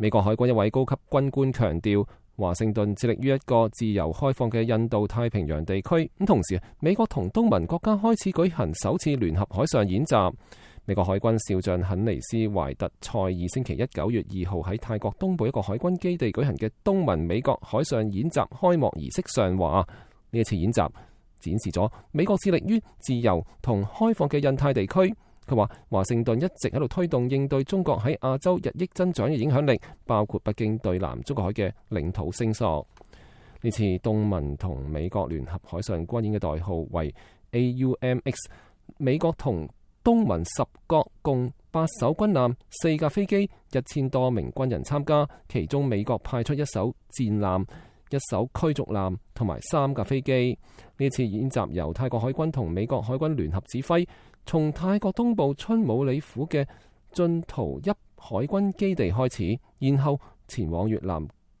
美國海軍一位高級軍官強調，華盛頓致力於一個自由開放嘅印度太平洋地區。咁同時，美國同東盟國家開始舉行首次聯合海上演習。美國海軍少將肯尼斯·懷特賽爾星期一九月二號喺泰國東部一個海軍基地舉行嘅東盟美國海上演習開幕儀式上話，呢一次演習展示咗美國致力於自由同開放嘅印太地區。佢話：華盛頓一直喺度推動應對中國喺亞洲日益增長嘅影響力，包括北京對南中國海嘅領土聲索。呢次東盟同美國聯合海上軍演嘅代號為 AUMX，美國同東盟十國共八艘軍艦、四架飛機、一千多名軍人參加，其中美國派出一艘戰艦。一艘驅逐艦同埋三架飛機，呢次演習由泰國海軍同美國海軍聯合指揮，從泰國東部春武里府嘅進圖一海軍基地開始，然後前往越南。